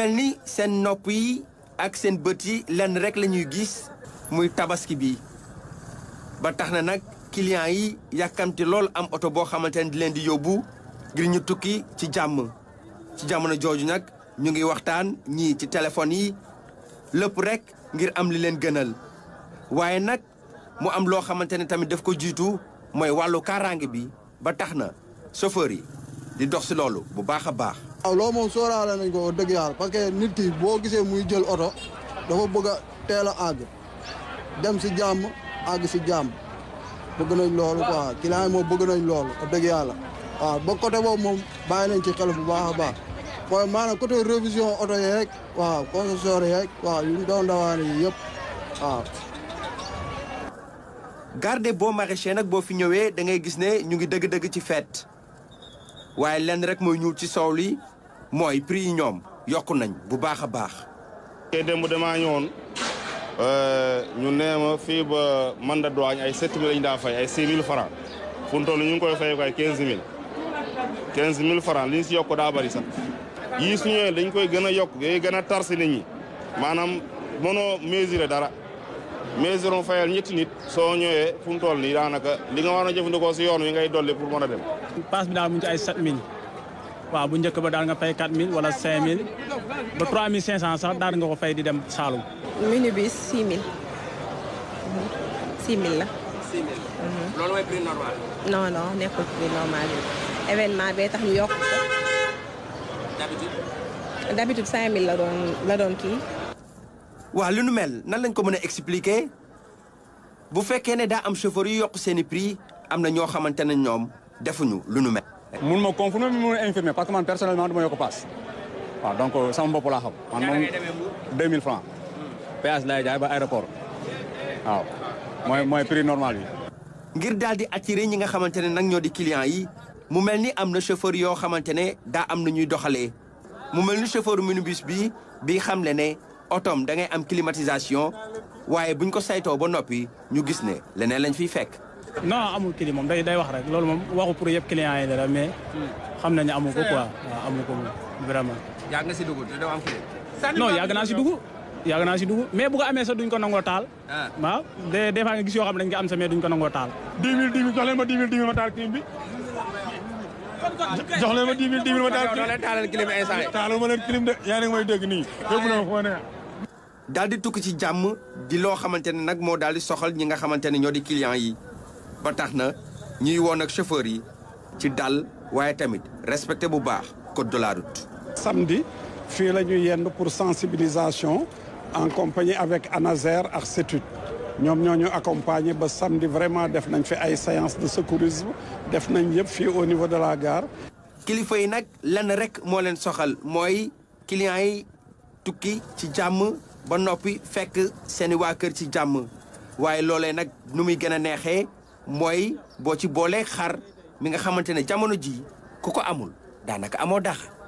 melni sen nopp yi ak sen beut yi len rek lañuy gis muy tabaski bi ba taxna nak client yi yakamti lol am auto bo xamanteni di len di yobbu ngir ñu tukki ci jamm ci jamono joju nak ñu ngi waxtaan ñi ci telephone yi lepp rek ngir am li len gënal waye nak mu am lo xamanteni tamit daf ko jitu moy walu kaaraange bi ba taxna chauffeur yi di dox ci lolou bu baax baax waaw loolu moom sóoraale nañ ko dëgg yàlla parce que nit ki boo gisee muy jël oto dafa bëgg a teel a dem si jàmm àgg si jàmm bëgg nañ loolu quoi client yi moom bëgg nañ loolu dëgg yàlla waaw ba côté boobu moom bàyyi nañ ci xel bu baax a baax mooy maanaam côté révision oto yeeg waaw concessionnaire yeeg waaw yu ñu doon dawaane yi yëpp waaw garde boo maraîcher nag boo fi ñëwee dangay gis ne ñu ngi dëgg-dëgg ci feet waaye lenn rek mooy ñuul ci soow lii mooy prix yi ñoom nañ bu baax a baax. tey démb damaa ñëwoon euh, ñu nee ma fii ba man da ay 7000 lañu daa fay ay 6000 francs fu mu ñu koy fay ay 15000 15000 francs li ñu si yokk daa bari sax yii su ñëwee dañ koy gën a yokk yooyu gën tar si nit ñi maanaam mënoo mesurer dara. mesuron fayal ñetti nit soo ñëwee fu mu toll nii daanaka li nga war a jëfandikoo si yoon wi ngay dolli pour mën dem. paas bi daal mu ci ay 7000. waaw bu njëkk ba daal nga fay 4000 wala 5000 ba 3500 sax daal nga ko fay di dem Saalum. minibus 6000. 6000 la. 6000. Mhm. loolu mooy prix normal. non non nekkul prix normal bi bee tax la doon la waaw lu nu nan lañ ko mën a expliquer bu fekkee ne daa am chauffeur yokk seeni prix am na ñoo xamante ne ñoom defuñu lu nu mel. mun ma confirmer mun ma infirmer parce que man personnellement du ma yokk paas waaw donc euh, sama bopp laa xam. man moom 2000 francs péage ba aéroport waaw mooy mooy prix normal bi. ngir dal di attirer ñi nga xamante ne nag ñoo di clients yi mu mel ni am na chauffeur yoo xamante ne daa am na ñuy doxalee mu mel ni chauffeur minibus bi bi le ne otoom da ngay am climatisation waaye buñ ko saytoo ba noppi ñu gis ne leneen lañ fiy fekk. non amul kii day day wax rek loolu moom waxu pour yëpp client yi dara mais xam nañu amu ko quoi amu ko vraiment. yàgg nga si dugg te am client. non si dugu, yàgg naa si dugu. mais bu ko amee sax duñ ko nangoo taal. Ah. waaw des des fois nga gis yoo xam dañ ko am sax mais duñ ko nangoo taal. 10 000 jox leen ma 10 000 ma taal clim bi. jox leen ma instant leen de may na ah. di tukki ci jàmm di loo xamante ne nag moo soxal ñi nga client yi ba tax na ñiy woon ak chauffeur yi ci dal waaye tamit respecté bu baax code de la route. samedi fii la ñuy yenn pour sensibilisation en compagnie avec ANASER ak CETUD ñoom ñoo ñu accompagner ba samedi vraiment def nañ fi ay séance de secourisme def nañ yëpp fii au niveau de la gare. kilifa yi nag lenn rek moo leen soxal mooy client yi tukki ci jàmm ba noppi fekk seeni waa kër ci jàmm waaye loolee nag nu muy gën a neexee. mooy boo ci boolee xar mi nga xamante ne jamono ji ku ko amul daanaka amoo dax